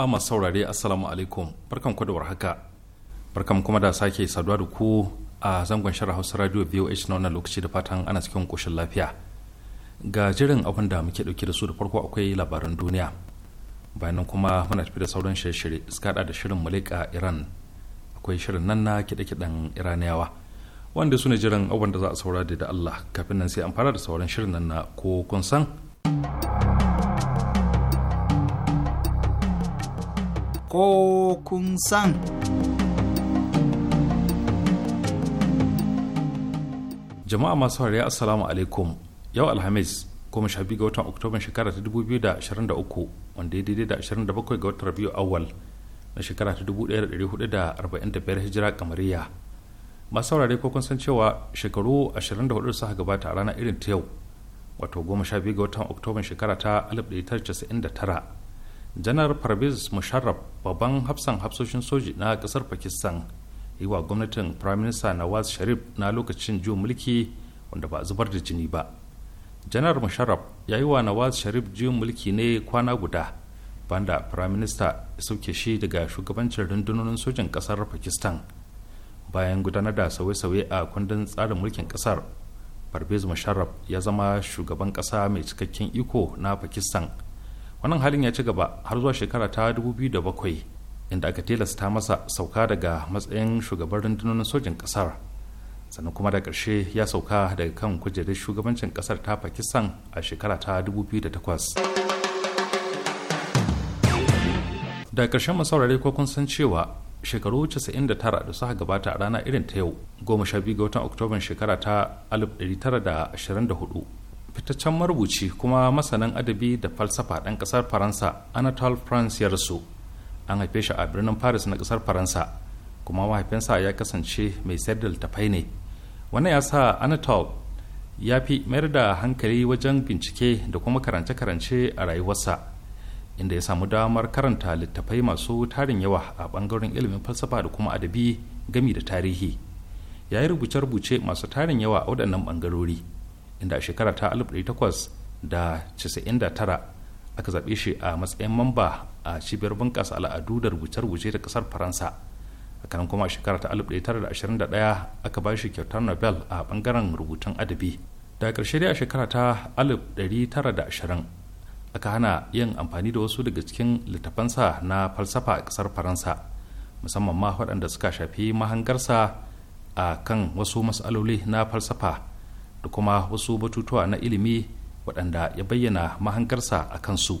jama'a masu saurare assalamu alaikum barkan ku da warhaka barkan kuma da sake saduwa da ku a zangon shirin hausa radio voh na wannan lokaci da fatan ana cikin koshin lafiya ga jirin abin da muke dauke da su da farko akwai labaran duniya bayan nan kuma muna tafi da sauran shirye-shirye iska da shirin mulika iran akwai shirin nan na kiɗe-kiɗen iraniyawa wanda su ne jiran abin da za a saura da Allah kafin nan sai an fara da sauran shirin nan na ko kun san. ko kun san. Jama'a masu hariya Assalamu alaikum yau Alhamis goma sha biyu ga watan Oktoban shekara ta 2023 wanda ya daidai da 27 ga watan Rabiu awal na shekara ta 1445 hijira kamariya. Masu saurare ko kun san cewa shekaru 24 suka gabata a ranar irin ta yau wato goma sha biyu ga watan Oktoban shekara ta alif da casa'in tara. janar parvez musharraf babban hafsan hafsoshin soji na kasar pakistan yi wa gwamnatin firaminista nawaz sharif na lokacin juyin mulki wanda ba zubar da jini ba janar musharraf ya yi wa nawaz sharif juyin mulki ne kwana guda banda firaminista ya sauke shi daga shugabancin rundunonin sojin kasar pakistan bayan gudanar da sauye-sauye a kundin tsarin mulkin kasar parvez musharraf ya zama shugaban kasa mai cikakken iko na pakistan wannan halin ya ci gaba har zuwa shekara ta 2007 inda aka tilasta masa sauka daga matsayin shugaban rundunonin sojin kasar sannan kuma da karshe ya sauka daga kan kujerar shugabancin kasar ta pakistan a shekara ta 2008 da ƙarshen masaurare ko kun san cewa shekaru 99 da suka gabata a rana irin ta yau 12 ga watan oktoban shekara ta 1924 fitaccen marubuci kuma masanin adabi da falsafa ɗan ƙasar faransa anatole france ya rasu an haife shi a birnin paris na ƙasar faransa kuma mahaifinsa ya kasance mai sayar da littafai ne wannan ya sa anatole ya fi mayar da hankali wajen bincike da kuma karance-karance a rayuwarsa inda ya samu damar karanta littafai masu tarin yawa a bangaren ilimin falsafa da kuma adabi gami da tarihi ya yi rubuce-rubuce masu tarin yawa a waɗannan bangarori inda a shekara ta 1899 aka zaɓe shi a matsayin mamba a cibiyar bunƙasa al'adu da rubuce-rubuce da ƙasar faransa kanan kuma a shekara ta 1921 aka ba shi kyautar nobel a ɓangaren rubutun adabi da ƙarshe dai a shekara ta 1920 aka hana yin amfani da wasu daga cikin littafansa na falsafa a ƙasar faransa musamman ma waɗanda suka shafi mahangarsa a kan wasu matsaloli na falsafa da kuma wasu batutuwa na ilimi waɗanda ya bayyana mahankarsa a kansu.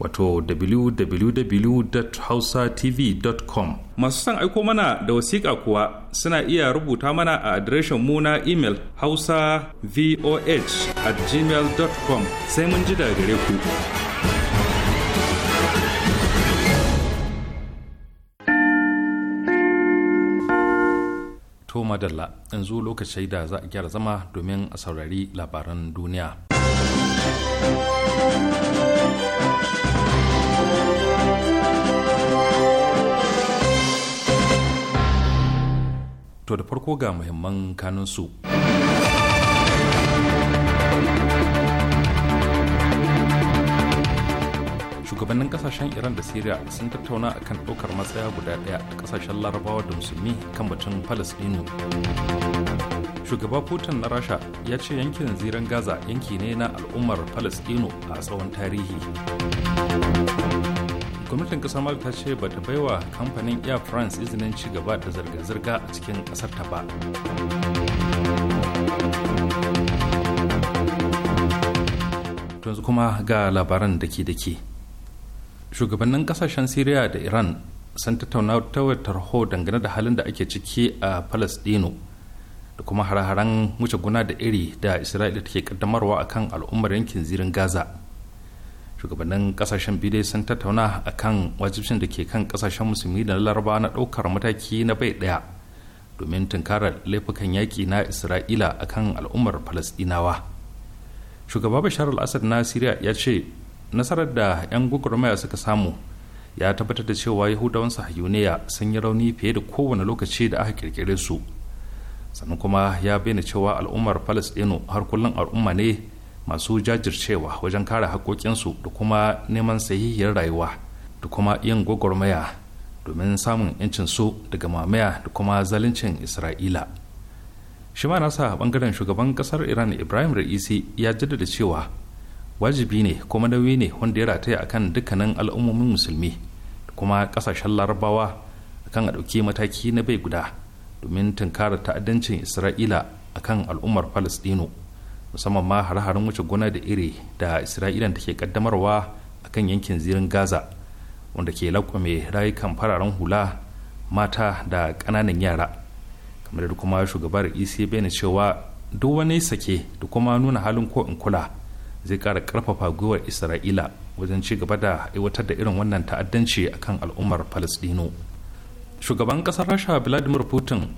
wato www.hausatv.com masu son aiko mana da wasiƙa kuwa suna iya rubuta mana a adireshin mu na imel hausa voh at gmail.com sai mun ji daga gare ku to madalla yanzu lokaci da za a gyara zama domin a saurari labaran duniya To da farko ga muhimman kanunsu. shugabannin kasashen iran da syria sun tattauna a kan ɗaukar matsaya guda ɗaya a kasashen larabawa da musulmi kan batun palestino shugaba putin na rasha ya ce yankin ziren gaza yanki ne na al'ummar palestino a tsawon tarihi gwamnatin kasar mali ta ce bata baiwa kamfanin air france izinin ci gaba da zirga-zirga a cikin ƙasar ta ba yanzu kuma ga labaran da ke shugabannin kasashen syria da iran sun tattauna ta tarho dangane da halin da ake ciki a palestino da kuma hare-haren wuce guna da iri da isra'ila take kaddamarwa akan al'ummar yankin zirin gaza shugabannin kasashen biyu sun tattauna akan wajibcin da ke kan kasashen musulmi da laraba na ɗaukar mataki na bai ɗaya domin tunkarar laifukan yaƙi na isra'ila akan al'ummar palestinawa shugaba bashar al-assad na syria ya ce nasarar da 'yan gwagwarmaya suka samu ya tabbatar da cewa yahudawan sahayuniya sun yi rauni fiye da kowane lokaci da aka kirkire su sannan kuma ya bayyana cewa al'ummar palestino har kullum al'umma ne masu jajircewa wajen kare haƙoƙinsu da kuma neman sahihiyar rayuwa da kuma yin gwagwarmaya domin samun 'yancin su daga mamaya da kuma zaluncin isra'ila shi ma nasa bangaren shugaban kasar iran ibrahim ra'isi ya jaddada cewa wajibi ne kuma nauyi ne wanda ya rataya a kan dukkanin al'ummomin musulmi da kuma kasashen larabawa akan a ɗauki mataki na bai guda domin tunkarar ta'addancin isra'ila a kan al'ummar palestino musamman ma har-harin wuce gona da iri da isra'ilan take kaddamarwa kan yankin zirin gaza wanda ke lakwame rayukan fararen hula mata da ƙananan yara kamar da kuma shugabar ec bene cewa duk wani sake da kuma nuna halin ko in kula zai kara karfafa gwiwar isra'ila wajen ci gaba da aiwatar da irin wannan ta'addanci kan al'ummar palestino shugaban kasar rasha vladimir putin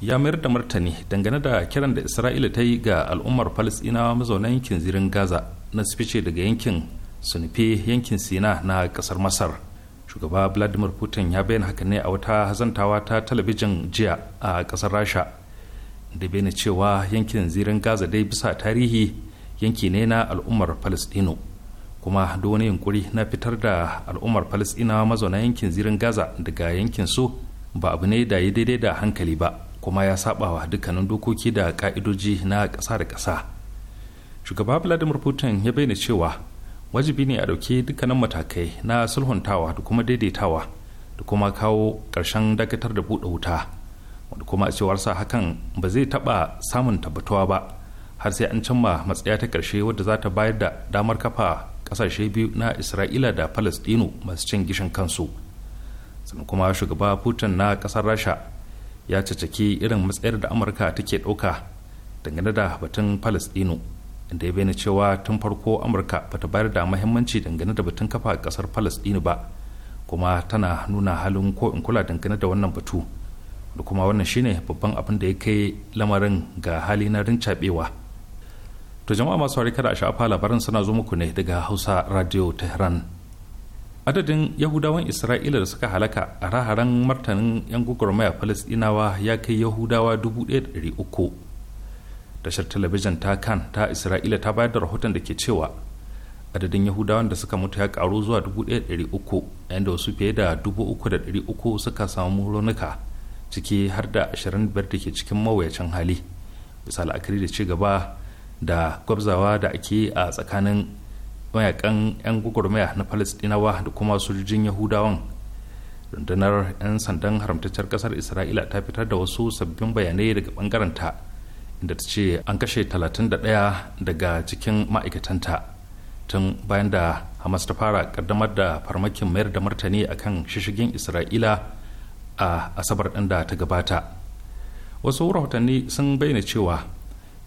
ya mayar da martani dangane da kiran da isra'ila ta yi ga al'ummar palestinawa mazauna yankin zirin gaza na su fice daga yankin su nufi yankin sina na kasar masar shugaba vladimir putin ya bayyana haka ne a wata hazantawa ta talabijin jiya a kasar rasha da bayyana cewa yankin zirin gaza dai bisa tarihi yanki ne na al'ummar palestino kuma da wani yunkuri na fitar da al'ummar palestina mazauna yankin zirin gaza daga yankin su ba abu ne da ya daidai da hankali ba kuma ya sabawa dukkanin dokoki da ka'idoji na ƙasa da ƙasa shugaba vladimir putin ya bayyana cewa wajibi ne a ɗauki dukkanin matakai na sulhuntawa da kuma daidaitawa da kuma kawo ƙarshen dakatar da buɗe wuta wanda kuma a cewarsa hakan ba zai taɓa samun tabbatuwa ba har sai an cimma matsaya ta ƙarshe wadda za ta bayar da damar kafa ƙasashe biyu na isra'ila da palestino masu cin gishin kansu sannan kuma shugaba putin na ƙasar rasha ya cacaki irin matsayar da amurka take ɗauka dangane da batun palestino inda ya bayyana cewa tun farko amurka ba ta bayar da mahimmanci dangane da batun kafa ƙasar palestino ba kuma tana nuna halin ko in kula dangane da wannan batu da kuma wannan shine babban abin da ya kai lamarin ga hali na rincaɓewa to jama'a masu kada a shafa labaran suna zo muku ne daga hausa radio tehran adadin yahudawan isra'ila da suka halaka a raharan martanin yan gwagwarmaya palestinawa ya kai yahudawa 1,300 tashar talabijin ta kan ta isra'ila ta bayar da rahoton da ke cewa adadin yahudawan da suka mutu ya karu zuwa 1,300 yayin da wasu fiye da 3,300 suka samu raunuka ciki har da 25 da ke cikin mawuyacin hali misali akari da ci gaba da gwabzawa da ake a tsakanin mayakan 'yan gwagwarmaya na Falistinawa da kuma sojojin yahudawan rundunar 'yan sandan haramtaccen kasar isra'ila ta fitar da wasu sabbin bayanai daga bangaranta inda ta ce an kashe 31 daga cikin ma'aikatanta tun bayan da hamas ta fara kaddamar da farmakin mayar da martani kan shishigin isra'ila a asabar ɗin da ta gabata wasu rahotanni sun bayyana cewa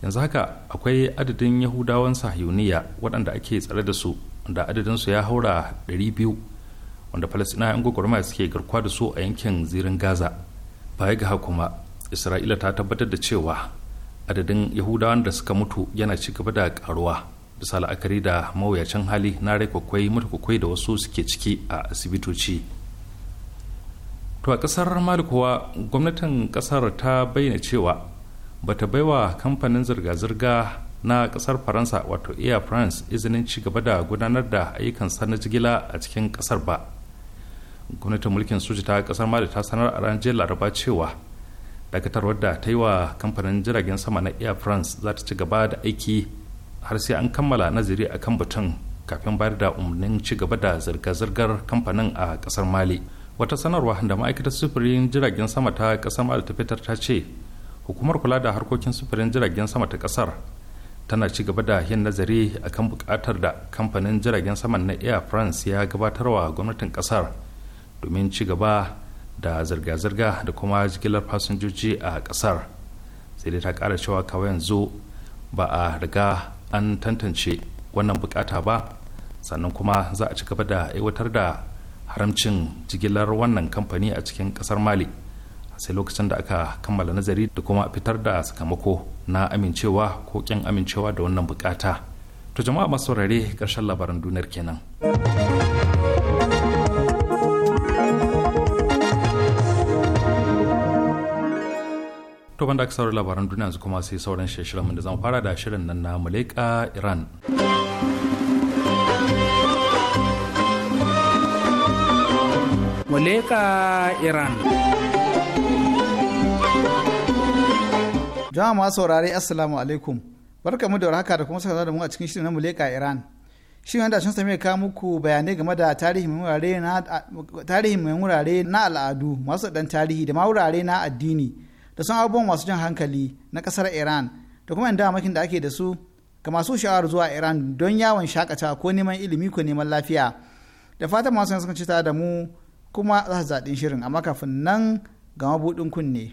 yanzu haka akwai adadin yahudawan sahuniya waɗanda ake tsare da su da adadinsu ya haura 200 wanda falasɗinayen gwagwarmaya suke garkuwa da su a yankin zirin gaza baya ga kuma isra'ila ta tabbatar da cewa adadin yahudawan da suka mutu yana ci gaba da karuwa bisa la'akari da mawuyacin hali na rai kwakwai mata kwakwai da wasu suke ciki a asibitoci to a kasar malikowa gwamnatin kasar ta bayyana cewa bata baiwa kamfanin zirga-zirga na kasar faransa wato air france izinin ci gaba da gudanar da ayyukansa na jigila a cikin kasar ba gwamnatin mulkin soji ta kasar mali ta sanar a ranar laraba cewa dakatarwar da ta yi wa kamfanin jiragen sama na air france za ta ci gaba da aiki har sai an kammala nazari a kan batun kafin bayar da umarnin ci gaba da zirga-zirgar kamfanin a kasar mali wata sanarwa da ma'aikatar sufurin jiragen sama ta kasar mali ta fitar ta ce hukumar kula da harkokin sufurin jiragen sama ta kasar tana ci gaba da yin nazari akan bukatar da kamfanin jiragen saman na air france ya gabatarwa gwamnatin kasar domin ci gaba da zirga-zirga da kuma jigilar fasinjoji a kasar sai dai ta kara cewa kawai yanzu ba a riga an tantance wannan bukata ba sannan kuma za a ci gaba da aiwatar da haramcin jigilar wannan kamfani a cikin kasar mali sai lokacin da aka kammala nazari da kuma fitar da sakamako na amincewa ko kyan amincewa da wannan bukata to jama'a masu saurare karshen labaran duniyar kenan to banda aka saurari labaran duniya yanzu kuma sai sauran shirin da zan fara da shirin nan na muleka iran Malika Iran. jama'a ma saurare assalamu alaikum barka mu da warhaka da kuma sanar da mu a cikin shirin na muleka iran shi wanda shan same ka muku bayanai game da tarihin wurare na mai wurare na al'adu masu dan tarihi da ma wurare na addini da sun abubuwan masu jan hankali na kasar iran da kuma yanda makin da ake da su ga masu sha'awar zuwa iran don yawon shakatawa ko neman ilimi ko neman lafiya da fatan masu yanzu kan ci da mu kuma za su zaɗin shirin amma kafin nan ga mabuɗin kunne.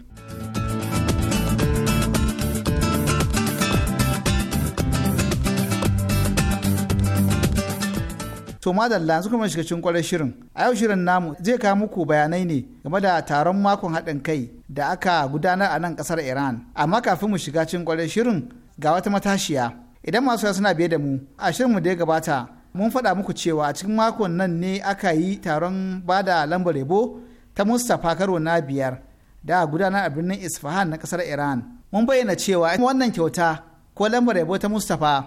To madalla yanzu kuma shiga cikin shirin. A yau shirin namu zai kawo muku bayanai ne game da taron makon haɗin kai da aka gudanar a nan ƙasar Iran. Amma kafin mu shiga cikin kwarar shirin ga wata matashiya. Idan masu ya suna biye da mu, a shirin mu da ya gabata mun faɗa muku cewa a cikin makon nan ne aka yi taron bada lambar rebo ta Mustapha karo na biyar da gudanar a birnin Isfahan na ƙasar Iran. Mun bayyana cewa wannan kyauta ko lambar rebo ta Mustapha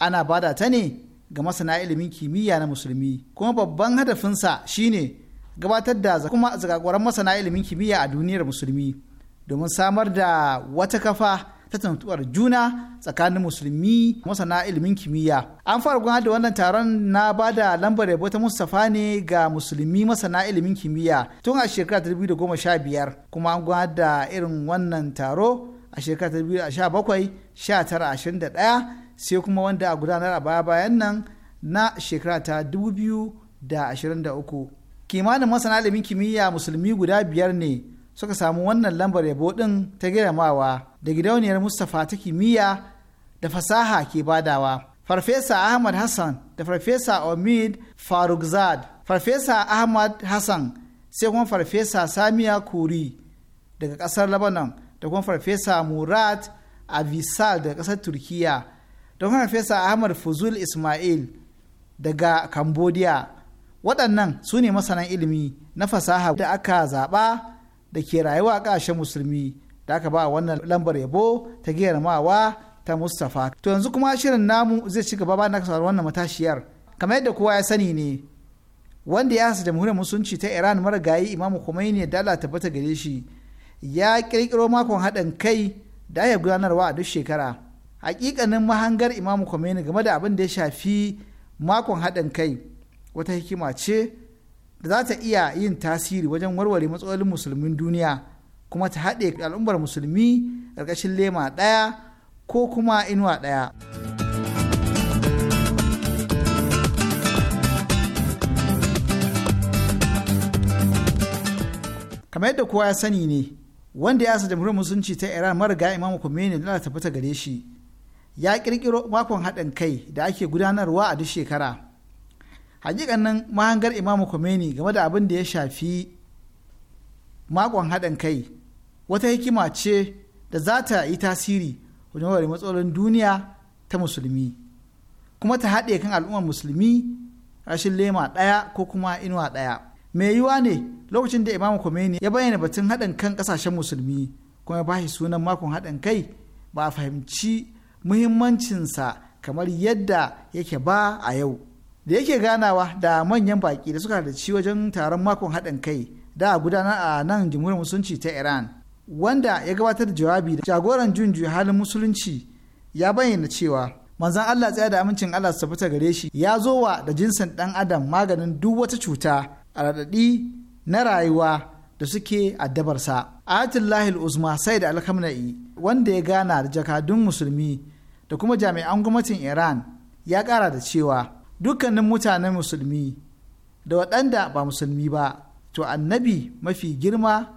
ana bada ta ne ga masana ilimin kimiyya na musulmi kuma babban hadafinsa shine gabatar da kuma zagagwaran masana ilimin kimiyya a duniyar musulmi domin samar da wata kafa ta tuntuɓar juna tsakanin musulmi masana ilimin kimiyya an fara gudanar da wannan taron na ba da lambar yabo ta mustapha ne ga musulmi masana ilimin kimiyya tun a shekara 2015 kuma an gudanar da irin wannan taro a shekara 2017 sai kuma wanda a gudanar a baya bayan nan na shekara ta 2023 kimanin masana ilimin kimiyya musulmi guda biyar ne suka samu wannan lambar yabo ɗin ta girmamawa da gidauniyar mustapha ta kimiyya da fasaha ke badawa farfesa ahmad hassan da farfesa omid farukzad farfesa ahmad hassan sai kuma farfesa samiya kuri daga kasar lebanon da kuma farfesa murad avisal daga kasar turkiya don fesa ahmad fuzul ismail daga cambodia waɗannan su ne masanan ilimi na fasaha da aka zaɓa da ke rayuwa a ƙasashen musulmi da aka ba wannan lambar yabo ta mawa ta mustapha to yanzu kuma shirin namu zai ci gaba ba kasar wannan matashiyar kamar yadda kowa ya sani ne wanda ya hasa jamhuriyar musulunci ta iran marigayi imamu khomeini da allah tabbata gare shi ya kirkiro makon haɗin kai da aya gudanarwa a duk shekara hakikanin mahangar imamu Khomeini game da abin da ya shafi makon haɗin kai wata hikima ce da za ta iya yin tasiri wajen warware matsalolin musulmin duniya kuma ta haɗe al'ummar musulmi ƙarƙashin lema ɗaya ko kuma inuwa ɗaya. kamar yadda kowa ya sani ne wanda ya asa jamhuriyar musulunci ta iran mariga imamu Khomeini da ta fita gare shi ya kirkiro makon haɗin kai da ake gudanarwa a duk shekara hakikanin mahangar imamu Khomeini game da abin da ya shafi makon haɗin kai wata hikima ce da za ta yi tasiri wajen wari matsalolin duniya ta musulmi kuma ta haɗe kan al'ummar musulmi rashin lema ɗaya ko kuma inuwa ɗaya mai yiwa ne lokacin da imamu Khomeini ya bayyana batun haɗin kan kasashen musulmi kuma ya bashi sunan makon haɗin kai ba a fahimci muhimmancinsa kamar yadda yake ba a yau da yake ganawa da manyan baki da suka halarci wajen taron makon haɗin kai da a gudanar a nan jamhuriyar musulunci ta iran wanda ya gabatar da jawabi da jagoran junju halin musulunci ya bayyana cewa manzan allah tsaya da amincin allah su fita gare shi ya zo wa da jinsin ɗan adam maganin duk wata cuta a raɗaɗi na rayuwa da suke addabarsa. Ayatullahi Uzma da Alkamna'i wanda ya gana da jakadun musulmi da kuma jami'an gwamnatin Iran ya kara da cewa dukkanin mutanen musulmi da waɗanda ba musulmi ba to annabi mafi girma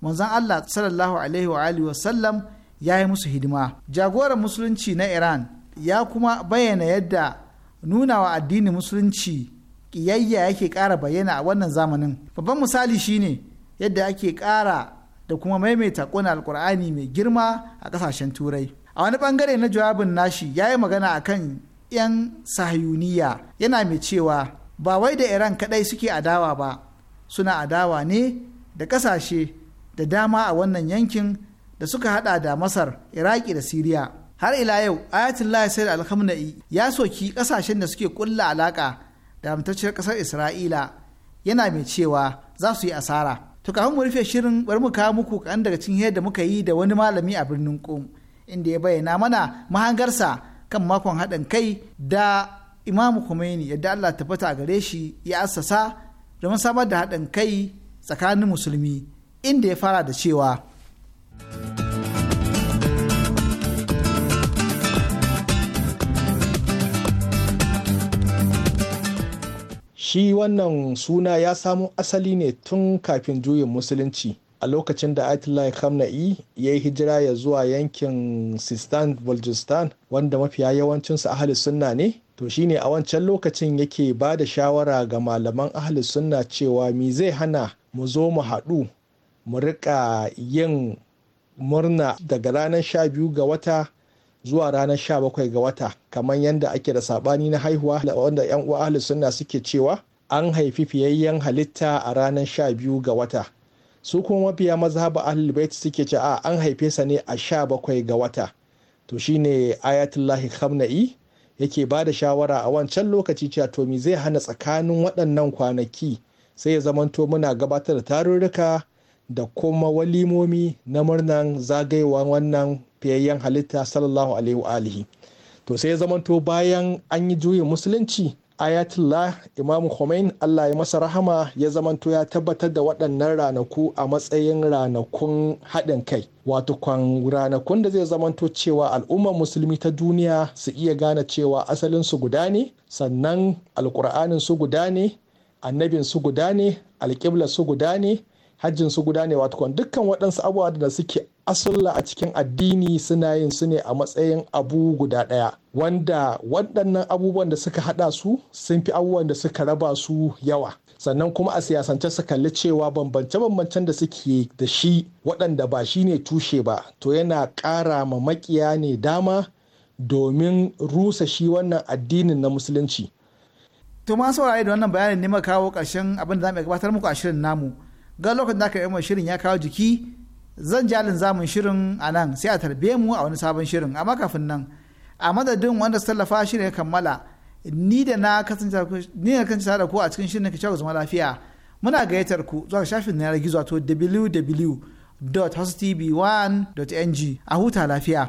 manzon Allah sallallahu alaihi ya yi musu hidima jagoran musulunci na Iran ya kuma bayyana yadda nunawa addinin musulunci ƙiyayya yake ƙara bayyana a wannan zamanin babban misali shine yadda ake ƙara da kuma maimaita ƙona alkur'ani mai girma a ƙasashen turai a wani ɓangare na jawabin nashi ya yi magana a kan 'yan sahayuniya yana mai cewa ba wai da iran kaɗai suke adawa ba suna adawa ne da ƙasashe da dama a wannan yankin da suka hada da masar iraki da siriya har ila yau ayatollah sayyid alhamna'i ya soki ƙasashen da suke kulla alaka da amtacciyar ƙasar isra'ila yana mai cewa za su yi asara to kafin mu rufe shirin bari mu kawo muku kan daga cikin yadda muka yi da wani malami a birnin kum inda ya bayyana mana mahangarsa kan makon haɗin kai da Imam Khomeini yadda Allah tabbata a gare shi ya assasa domin samar da haɗin kai tsakanin musulmi inda ya fara da cewa. shi wannan suna ya samo asali ne tun kafin juyin musulunci a lokacin da Ayatollah Khamenei ya yi hijira ya zuwa yankin Sistan Baljistan wanda mafiya yawancinsu ahli sunna ne to shine a wancan lokacin yake ba da shawara ga malaman ahli sunna cewa mi zai hana mu zo mu haɗu mu riƙa yin murna daga ranar sha biyu ga wata zuwa ranar 17 ga wata kamar yadda ake da sabani na haihuwa wanda yan uwa ahli sunna suke cewa an haifi fiyayyen halitta a ranar 12 ga wata su kuma mafiya maza ba bait suke ce a an haife sa ne a 17 ga wata to shine ayatullahi khamna'i yake ba da shawara a wancan lokaci cewa to me zai hana tsakanin waɗannan kwanaki sai ya zamanto muna gabatar da tarurruka da kuma walimomi na murnan zagayewa wannan fiyayyen halitta sallallahu alaihi alihi to sai zamanto bayan an yi juyin musulunci ayatullah imamu khomein allah ya masa rahama ya zamanto ya tabbatar da waɗannan ranaku a matsayin ranakun haɗin kai wato kwan ranakun da zai zamanto cewa al'ummar musulmi ta duniya su iya gane cewa asalin su guda ne sannan alƙur'anin su guda ne annabin su guda ne alƙibla su guda ne hajjin su guda ne wato dukkan waɗansu abubuwa da suke asulla a cikin addini suna yin su ne a matsayin abu guda ɗaya wanda waɗannan abubuwan da suka haɗa su sun fi abubuwan da suka raba su yawa sannan kuma a siyasance su kalli cewa bambance-bambancen da suke da shi waɗanda ba shi ne tushe ba to yana ƙara ma makiya ne dama domin rusa shi wannan addinin na musulunci. To ma saurare da wannan bayanin ne kawo karshen abin da za mu gabatar muku a shirin namu. ga lokacin da aka yi shirin ya kawo jiki zan jalin zamun shirin a nan sai a tarbe mu a wani sabon shirin amma kafin nan a madadin wanda su tallafa shirin ya kammala ni da na kasance da ku a cikin shirin ka cewa zama lafiya muna gayyatar ku zuwa shafin na gizo wato www.hostv1.ng a huta lafiya.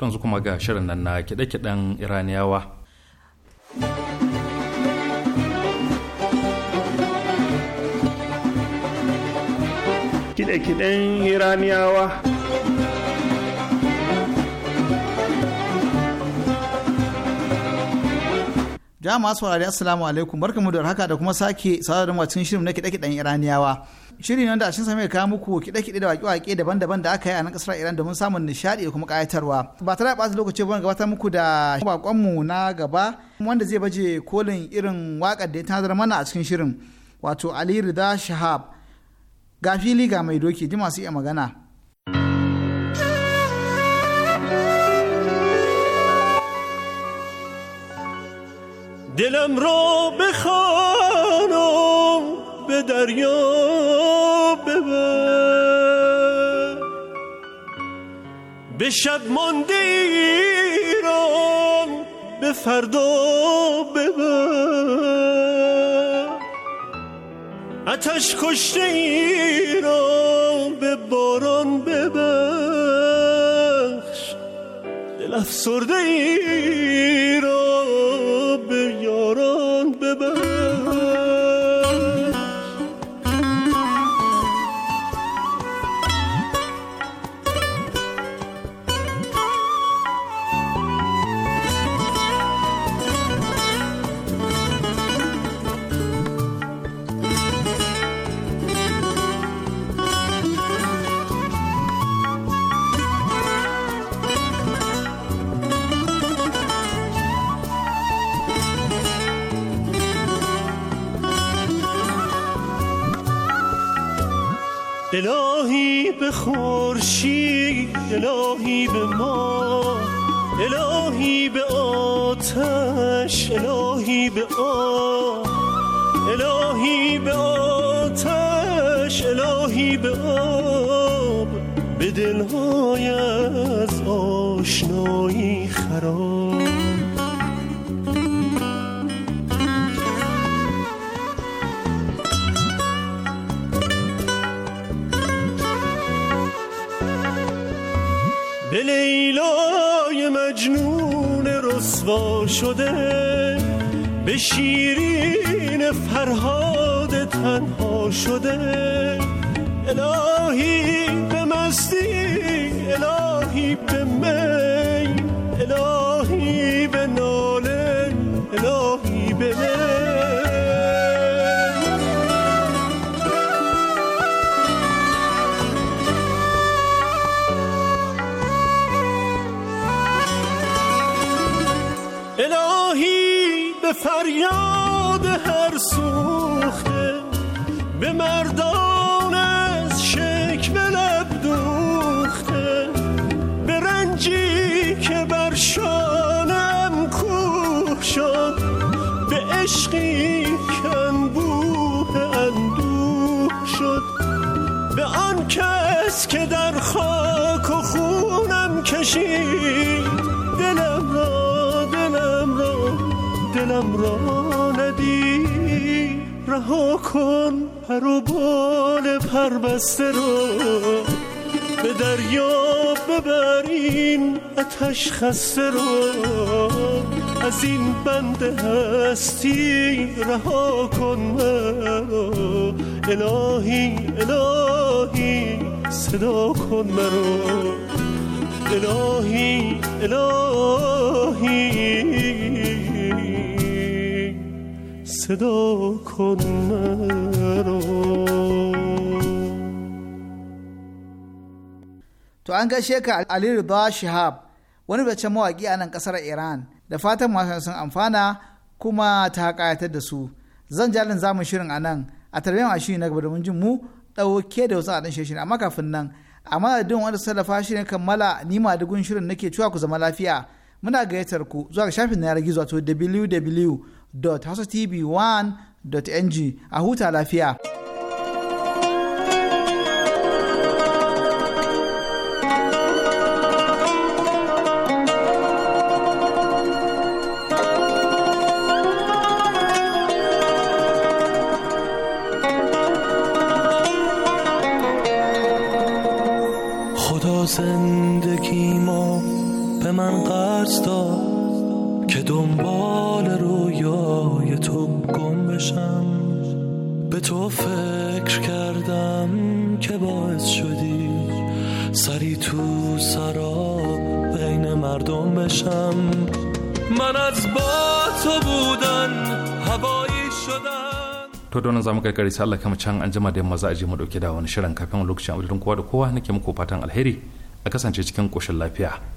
yanzu kuma ga shirin nan na kiɗe-kiɗen iraniyawa kiɗe-kiɗen iraniyawa jama'a saurari assalamu alaikum barkamu da haka da kuma sake sauraron cikin shirin na kiɗe-kiɗen iraniyawa shiri ne wanda a cikin mai kawo muku kiɗe-kiɗe da waƙe-waƙe daban-daban da aka yi a nan ƙasar Iran domin samun nishaɗi da kuma ƙayatarwa. Ba ta da ɓata lokaci ba gabatar muku da baƙonmu na gaba wanda zai baje kolin irin waƙar da ya tanadar mana a cikin shirin wato Ali Rida Shahab. Ga fili ga mai doki ji masu iya magana. دلم رو بخواه به دریا ببر به شب مانده ایران به فردا ببر اتش کشته ایران به باران ببخش دل افسرده ایران الهی به خورشید الهی به ما الهی به آتش الهی به آب الهی به آتش الهی به آب به دلهای از آشنایی خراب رسوا شده به شیرین فرهاد تنها شده الهی به مستی الهی به الهی به فریاد هر سوخته به مردان از شک لب دوخته به رنجی که بر شانم کوه شد به عشقی که بوه اندوه شد به آن کس که در خاک و خونم کشید دلم را ندی رها کن پر و بال پربسته رو به دریا ببرین اتش خسته رو از این بند هستی رها کن مرا الهی الهی صدا کن مرا الهی الهی صدا کن مرا to an gaishe ka Ali Rida Shihab wani baccen mawaƙi a nan ƙasar Iran da fatan masu sun amfana kuma ta ƙayatar da su zan jalin zamun shirin a nan a tarbiyyar ashiri na gaba domin jin mu ɗauke da wasu a ɗan shirin amma kafin nan da madadin wanda su tallafa shirin kammala ni ma dugun shirin nake cewa ku zama lafiya muna gayyatar ku zuwa ga shafin na yanar gizo wato www wwwhasotv 1ng a huta lafiya. خدا ما به من قرض داد که دنبال رویای تو گم بشم به تو فکر کردم که باعث شدی سری تو سرا بین مردم بشم من از با تو بودن هوایی شدم to don zamu kai kare sallah kama can an jima da yamma za a je mu dauke da wani shirin kafin lokacin abudin kowa da kowa nake muku fatan alheri a kasance cikin koshin lafiya